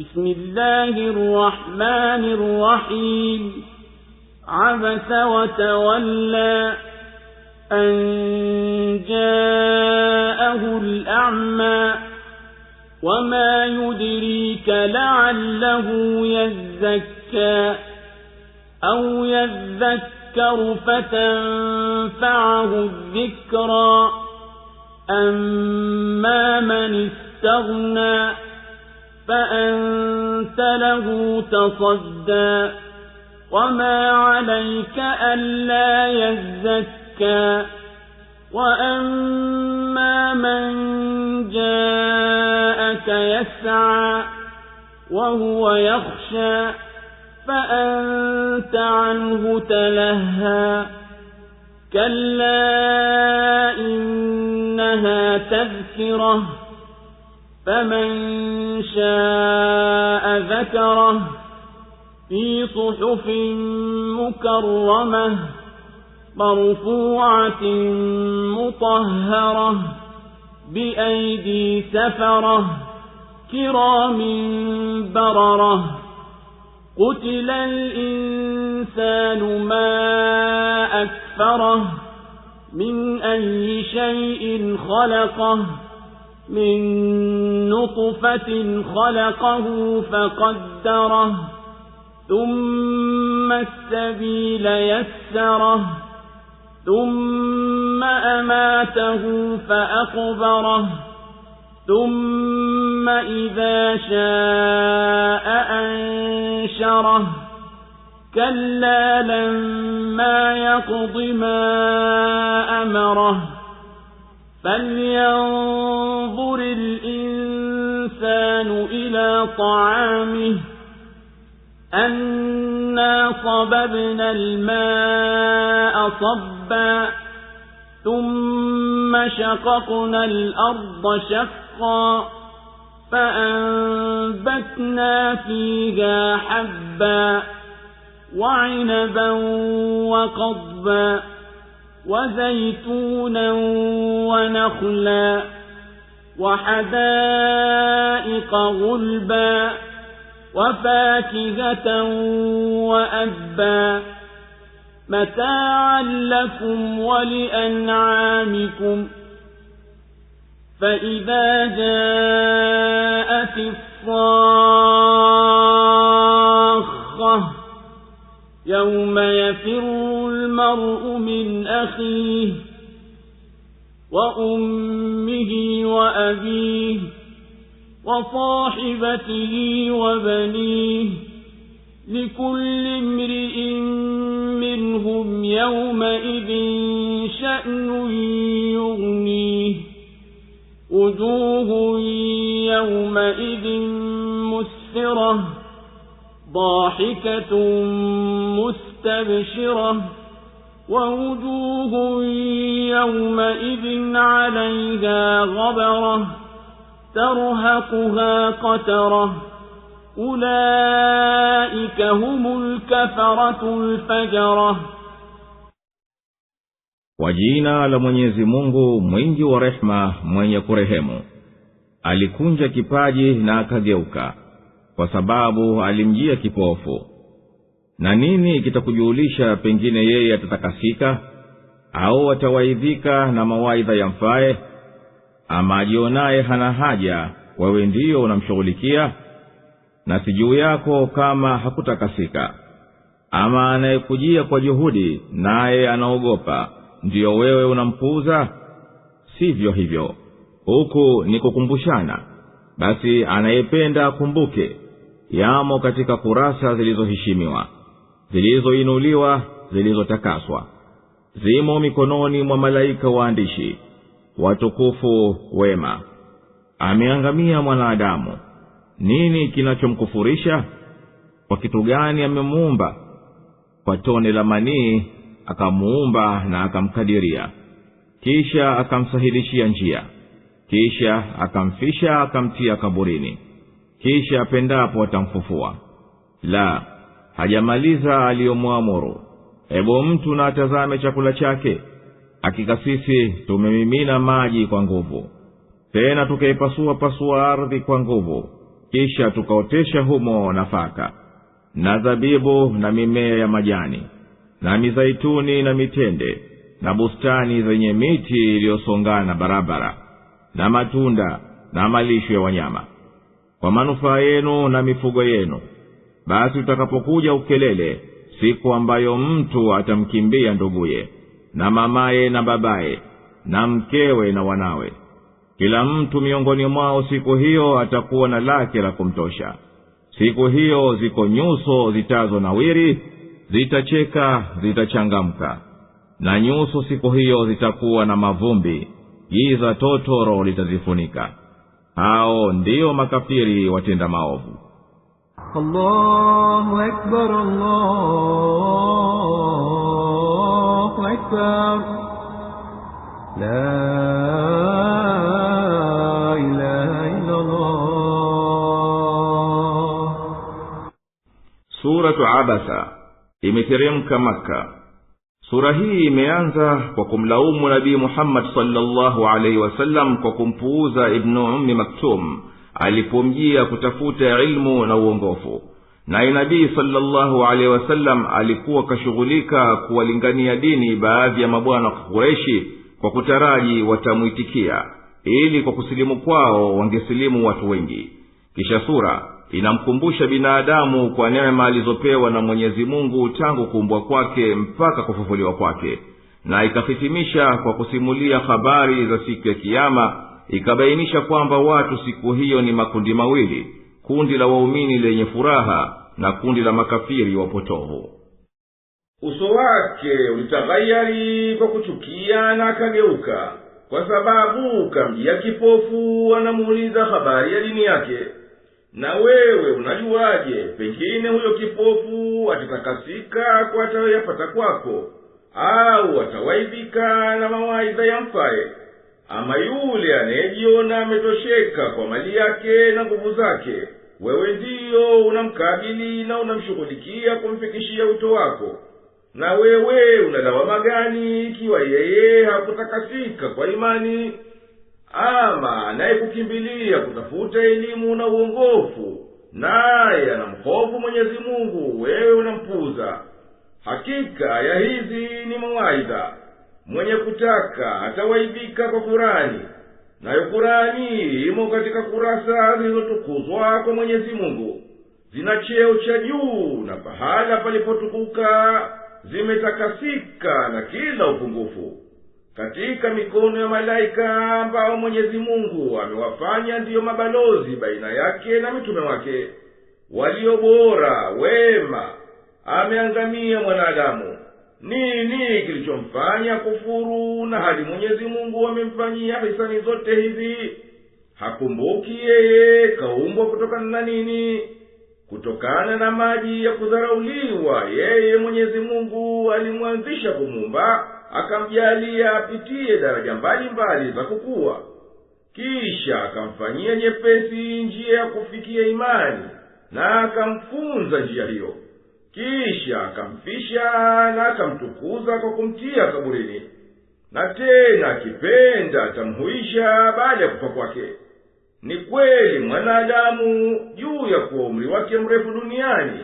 بسم الله الرحمن الرحيم عبس وتولى أن جاءه الأعمى وما يدريك لعله يزكى أو يذكر فتنفعه الذكرى أما من استغنى فأنت له تصدى وما عليك ألا يزكى وأما من جاءك يسعى وهو يخشى فأنت عنه تلهى كلا إنها تذكره فمن شاء ذكره في صحف مكرمة مرفوعة مطهرة بأيدي سفرة كرام بررة قتل الإنسان ما أكفره من أي شيء خلقه من نطفة خلقه فقدره ثم السبيل يسره ثم أماته فأقبره ثم إذا شاء أنشره كلا لما يقض ما أمره فلينظر الإنسان إلى طعامه أنا صببنا الماء صبا ثم شققنا الأرض شقا فأنبتنا فيها حبا وعنبا وقضبا وزيتونا ونخلا وحدائق غلبا وفاكهة وأبا متاعا لكم ولأنعامكم فإذا جاءت الصالح يوم يفر المرء من أخيه وأمه وأبيه وصاحبته وبنيه لكل امرئ منهم يومئذ شأن يغنيه وجوه يومئذ مسفرة ضاحكة مستبشرة ووجوه يومئذ عليها غبرة ترهقها قترة أولئك هم الكفرة الفجرة وجينا لمنيز مungu مينجي ورحمة من يكرهم alikunja kipaji na akageuka kwa sababu alimjia kipofu na nini kitakujulisha pengine yeye atatakasika au atawaidhika na mawaidha ya mfaye ama ajionaye hana haja wewe ndiyo unamshughulikia na si juu yako kama hakutakasika ama anayekujia kwa juhudi naye anaogopa ndiyo wewe unampuuza sivyo hivyo huku ni kukumbushana basi anayependa akumbuke yamo katika kurasa zilizoheshimiwa zilizoinuliwa zilizotakaswa zimo mikononi mwa malaika waandishi watukufu wema ameangamia mwanadamu nini kinachomkufurisha kwa kitu gani amemuumba kwa tone la manii akamuumba na akamkadiria kisha akamsahilishia njia kisha akamfisha akamtia kaburini kisha apendapo atamfufua la hajamaliza aliyomwamuru hebu mtu na atazame chakula chake hakika sisi tumemimina maji kwa nguvu tena tukaipasua pasua ardhi kwa nguvu kisha tukaotesha humo nafaka na zabibu na mimea ya majani na mizaituni na mitende na bustani zenye miti iliyosongana barabara na matunda na malisho ya wanyama kwa manufaa yenu na mifugo yenu basi utakapokuja ukelele siku ambayo mtu atamkimbia nduguye na mamaye na babaye na mkewe na wanawe kila mtu miongoni mwao siku hiyo atakuwa na lake la kumtosha siku hiyo ziko nyuso zitazo nawiri zitacheka zitachangamka na nyuso siku hiyo zitakuwa na mavumbi giza totoro litazifunika hao ndiyo makafiri watenda maovu Allahu akbar, Allahu akbar. La ilaha illa Allah. Suratu Abasa imeteremka makka sura hii imeanza kwa kumlaumu nabii muhammadi salllahu alaihi wasallam kwa kumpuuza ibnu ummi maktum alipomjia kutafuta ilmu na uongofu naye nabii salllahu alaihi wasallam alikuwa kashughulika kuwalingania dini baadhi ya mabwana wa kureishi kwa kutaraji watamwitikia ili kwa kusilimu kwao wangesilimu watu wengi kisha sura inamkumbusha binadamu kwa neema alizopewa na mwenyezi mungu tangu kuumbwa kwake mpaka kufufuliwa kwake na ikahitimisha kwa kusimulia habari za siku ya kiama ikabainisha kwamba watu siku hiyo ni makundi mawili kundi la waumini lenye furaha na kundi la makafiri wapotovu uso wake ulitaghayari kwa kuchukia na akageuka kwa sababu kamjia kipofu anamuuliza habari ya dini yake na wewe unajuwaje pengine huyo kipofu atatakasika kwa atayoyapata kwako au atawaidhika na mawaidha mfaye ama yule anayejiona ametosheka kwa mali yake na nguvu zake wewe ndiyo unamkabili na unamshughulikia kumfikishia uto wako na wewe unalawama gani ikiwa yeye hakutakasika kwa imani ama anayekukimbilia kutafuta elimu na uongofu naye anamhofu mhofu mwenyezimungu wewe unampuza hakika ya hizi ni mawaidha mwenye kutaka atawaidhika kwa kurani nayo kurani imo katika kurasa zilizotukuzwa kwa mwenyezi mungu zina cheo cha juu na pahala palipotukuka zimetakasika na kila upungufu katika mikono ya malaika ambao mwenyezi mungu amewafanya ndiyo mabalozi baina yake na mitume wake walio bora wema ameangamia mwanadamu nini kilichomfanya kufuru na hali mwenyezi mungu amemfanyia hisani zote hivi hakumbuki yeye kaumbwa kutokana na nini kutokana na maji ya kudharauliwa yeye mwenyezi mungu alimwanzisha kumumba akamjalia apitiye daraja mbalimbali za kukuwa kisha akamfanyia nyepesi njia ya kufikia imani na akamfunza njia hiyo kisha akamfisha na akamtukuza kwa kumtia kaburini na tena akipenda atamhuisha baada ya kufa kwake ni kweli mwanadamu juu ya kuwa umri wake mrefu duniani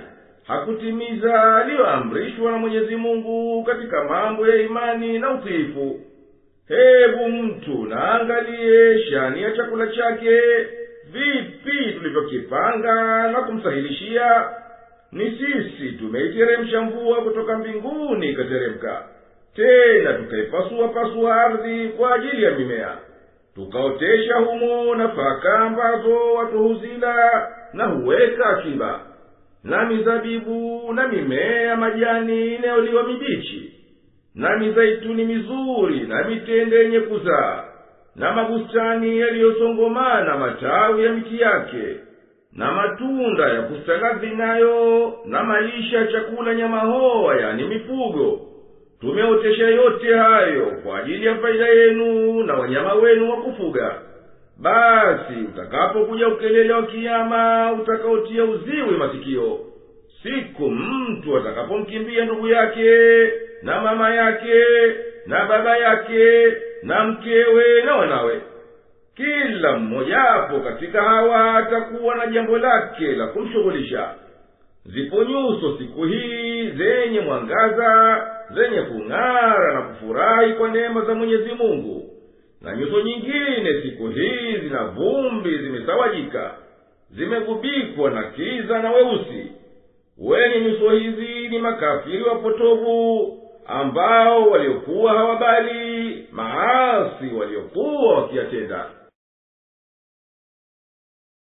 hakutimiza aliyoamrishwa na mwenyezi mungu katika mambo ya imani na utiifu hebu mtu naangaliye shani ya chakula chake vipi tulivyokipanga na kumsahilishia ni sisi tumeiteremsha mvua kutoka mbinguni ikateremka tena tukaipasua pasua ardhi kwa ajili ya mimea tukaotesha humo nafaka ambazo watu huzila na huweka akiba na mizabibu na mimea majani inayoliwa mibichi na mizaituni mizuri na mitende yenye kuzaa na mabustani yaliyosongomana matawi ya miti yake na matunda ya kustagadhi nayo na malisha ya chakula howa yani mifugo tumeotesha yote hayo kwa ajili ya faida yenu na wanyama wenu wa kufuga basi utakapokuja ukelele wa kiama utakaotia uziwi masikio siku mtu atakapomkimbia ndugu yake na mama yake na baba yake na mkewe na wanawe kila mmojapo katika hawa atakuwa na jambo lake la kumshughulisha zipo nyuso siku hii zenye mwangaza zenye kung'ara na kufurahi kwa neema za mwenyezi mungu na nyuso nyingine siku hizi na vumbi zimesawajika zimegubikwa na kiza na weusi wenye nyuso hizi ni makafiri wapotovu ambao waliokuwa hawabali maasi waliokuwa wakiyatenda